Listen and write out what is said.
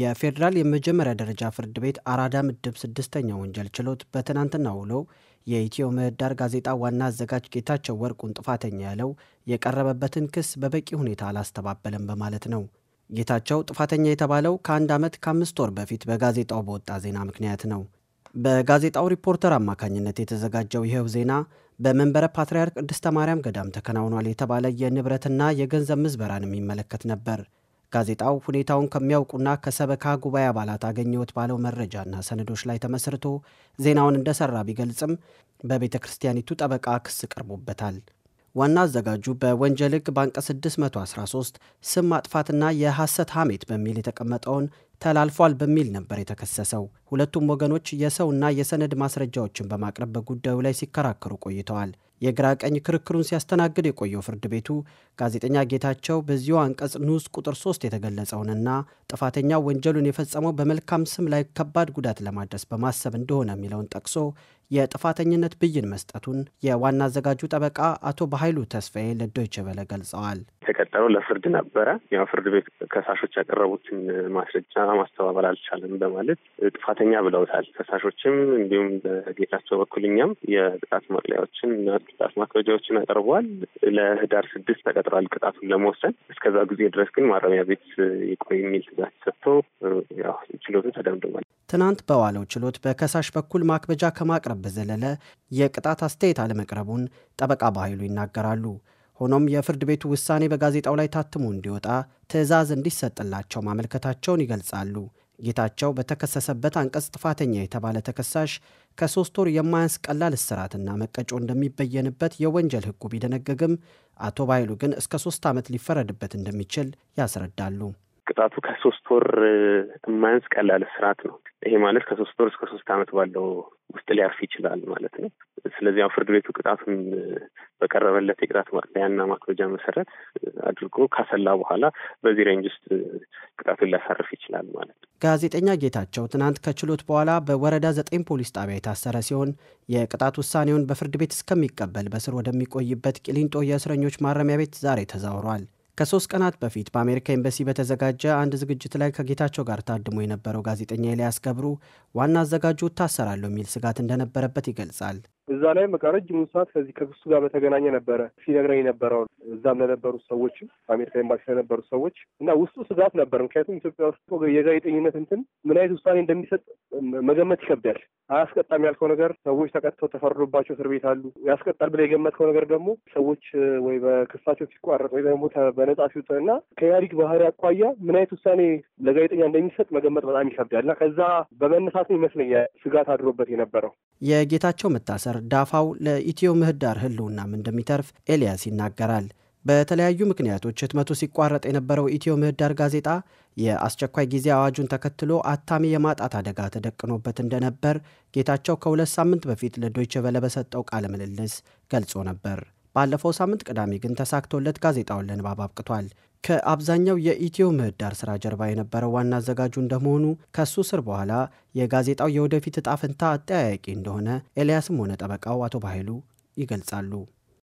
የፌዴራል የመጀመሪያ ደረጃ ፍርድ ቤት አራዳ ምድብ ስድስተኛ ወንጀል ችሎት በትናንትና ውሎ የኢትዮ ምህዳር ጋዜጣ ዋና አዘጋጅ ጌታቸው ወርቁን ጥፋተኛ ያለው የቀረበበትን ክስ በበቂ ሁኔታ አላስተባበለም በማለት ነው። ጌታቸው ጥፋተኛ የተባለው ከአንድ ዓመት ከአምስት ወር በፊት በጋዜጣው በወጣ ዜና ምክንያት ነው። በጋዜጣው ሪፖርተር አማካኝነት የተዘጋጀው ይኸው ዜና በመንበረ ፓትርያርክ ቅድስተ ማርያም ገዳም ተከናውኗል የተባለ የንብረትና የገንዘብ ምዝበራን የሚመለከት ነበር። ጋዜጣው ሁኔታውን ከሚያውቁና ከሰበካ ጉባኤ አባላት አገኘሁት ባለው መረጃና ሰነዶች ላይ ተመስርቶ ዜናውን እንደሰራ ቢገልጽም በቤተ ክርስቲያኒቱ ጠበቃ ክስ ቀርቦበታል። ዋና አዘጋጁ በወንጀል ሕግ በአንቀጽ 613 ስም ማጥፋትና የሐሰት ሐሜት በሚል የተቀመጠውን ተላልፏል በሚል ነበር የተከሰሰው። ሁለቱም ወገኖች የሰውና የሰነድ ማስረጃዎችን በማቅረብ በጉዳዩ ላይ ሲከራከሩ ቆይተዋል። የግራ ቀኝ ክርክሩን ሲያስተናግድ የቆየው ፍርድ ቤቱ ጋዜጠኛ ጌታቸው በዚሁ አንቀጽ ንዑስ ቁጥር 3 የተገለጸውንና ጥፋተኛ ወንጀሉን የፈጸመው በመልካም ስም ላይ ከባድ ጉዳት ለማድረስ በማሰብ እንደሆነ የሚለውን ጠቅሶ የጥፋተኝነት ብይን መስጠቱን የዋና አዘጋጁ ጠበቃ አቶ በኃይሉ ተስፋዬ ለዶይቸ ቬለ ገልጸዋል። የተቀጠረው ለፍርድ ነበረ። ያው ፍርድ ቤት ከሳሾች ያቀረቡትን ማስረጃ ማስተባበል አልቻለም በማለት ጥፋተኛ ብለውታል። ከሳሾችም እንዲሁም በጌታቸው በኩል እኛም የቅጣት ማቅለያዎችን ቅጣት ማክበጃዎችን አቅርበዋል። ለህዳር ስድስት ተቀጥሯል ቅጣቱን ለመወሰን። እስከዛ ጊዜ ድረስ ግን ማረሚያ ቤት ይቆይ የሚል ትእዛዝ ሰጥቶ ያው ችሎቱ ተደምድሟል። ትናንት በዋለው ችሎት በከሳሽ በኩል ማክበጃ ከማቅረብ በዘለለ የቅጣት አስተያየት አለመቅረቡን ጠበቃ በኃይሉ ይናገራሉ። ሆኖም የፍርድ ቤቱ ውሳኔ በጋዜጣው ላይ ታትሞ እንዲወጣ ትዕዛዝ እንዲሰጥላቸው ማመልከታቸውን ይገልጻሉ። ጌታቸው በተከሰሰበት አንቀጽ ጥፋተኛ የተባለ ተከሳሽ ከሶስት ወር የማያንስ ቀላል እስራትና መቀጮ እንደሚበየንበት የወንጀል ሕጉ ቢደነገግም አቶ ባይሉ ግን እስከ ሶስት ዓመት ሊፈረድበት እንደሚችል ያስረዳሉ። ቅጣቱ ከሶስት ወር የማያንስ ቀላል እስራት ነው። ይሄ ማለት ከሶስት ወር እስከ ሶስት ዓመት ባለው ውስጥ ሊያርፍ ይችላል ማለት ነው። ስለዚህ ፍርድ ቤቱ ቅጣቱን በቀረበለት የቅጣት ማቅለያና ማክበጃ መሰረት አድርጎ ካሰላ በኋላ በዚህ ሬንጅ ውስጥ ቅጣቱን ሊያሳርፍ ይችላል ማለት ነው። ጋዜጠኛ ጌታቸው ትናንት ከችሎት በኋላ በወረዳ ዘጠኝ ፖሊስ ጣቢያ የታሰረ ሲሆን የቅጣት ውሳኔውን በፍርድ ቤት እስከሚቀበል በስር ወደሚቆይበት ቂሊንጦ የእስረኞች ማረሚያ ቤት ዛሬ ተዛውሯል። ከሶስት ቀናት በፊት በአሜሪካ ኤምበሲ በተዘጋጀ አንድ ዝግጅት ላይ ከጌታቸው ጋር ታድሞ የነበረው ጋዜጠኛ ኤልያስ ገብሩ ዋና አዘጋጁ እታሰራለሁ የሚል ስጋት እንደነበረበት ይገልጻል። እዛ ላይ በቃ ረጅሙን ሰዓት ከዚህ ከክሱ ጋር በተገናኘ ነበረ ሲነግረኝ የነበረውን እዛም ለነበሩ ሰዎችም አሜሪካ ኤምባሲ ለነበሩ ሰዎች እና ውስጡ ስጋት ነበር። ምክንያቱም ኢትዮጵያ ውስጥ የጋዜጠኝነት እንትን ምን አይነት ውሳኔ እንደሚሰጥ መገመት ይከብዳል። አያስቀጣም ያልከው ነገር ሰዎች ተቀጥተው ተፈርዶባቸው እስር ቤት አሉ። ያስቀጣል ብለህ የገመትከው ነገር ደግሞ ሰዎች ወይ በክሳቸው ሲቋረጥ ወይ ደግሞ በነጻ ሲወጡ እና ከኢህአዴግ ባህሪ አኳያ ምን አይነት ውሳኔ ለጋዜጠኛ እንደሚሰጥ መገመት በጣም ይከብዳል እና ከዛ በመነሳት ይመስለኛል ስጋት አድሮበት የነበረው የጌታቸው መታሰር ዳፋው ለኢትዮ ምህዳር ህልውናም እንደሚተርፍ ኤልያስ ይናገራል። በተለያዩ ምክንያቶች ህትመቱ ሲቋረጥ የነበረው ኢትዮ ምህዳር ጋዜጣ የአስቸኳይ ጊዜ አዋጁን ተከትሎ አታሚ የማጣት አደጋ ተደቅኖበት እንደነበር ጌታቸው ከሁለት ሳምንት በፊት ለዶይቼ ቬለ በሰጠው ቃለ ምልልስ ገልጾ ነበር። ባለፈው ሳምንት ቅዳሜ ግን ተሳክቶለት ጋዜጣውን ለንባብ አብቅቷል። ከአብዛኛው የኢትዮ ምህዳር ስራ ጀርባ የነበረው ዋና አዘጋጁ እንደመሆኑ ከሱ ስር በኋላ የጋዜጣው የወደፊት እጣ ፈንታ አጠያያቂ እንደሆነ ኤልያስም ሆነ ጠበቃው አቶ ባይሉ ይገልጻሉ።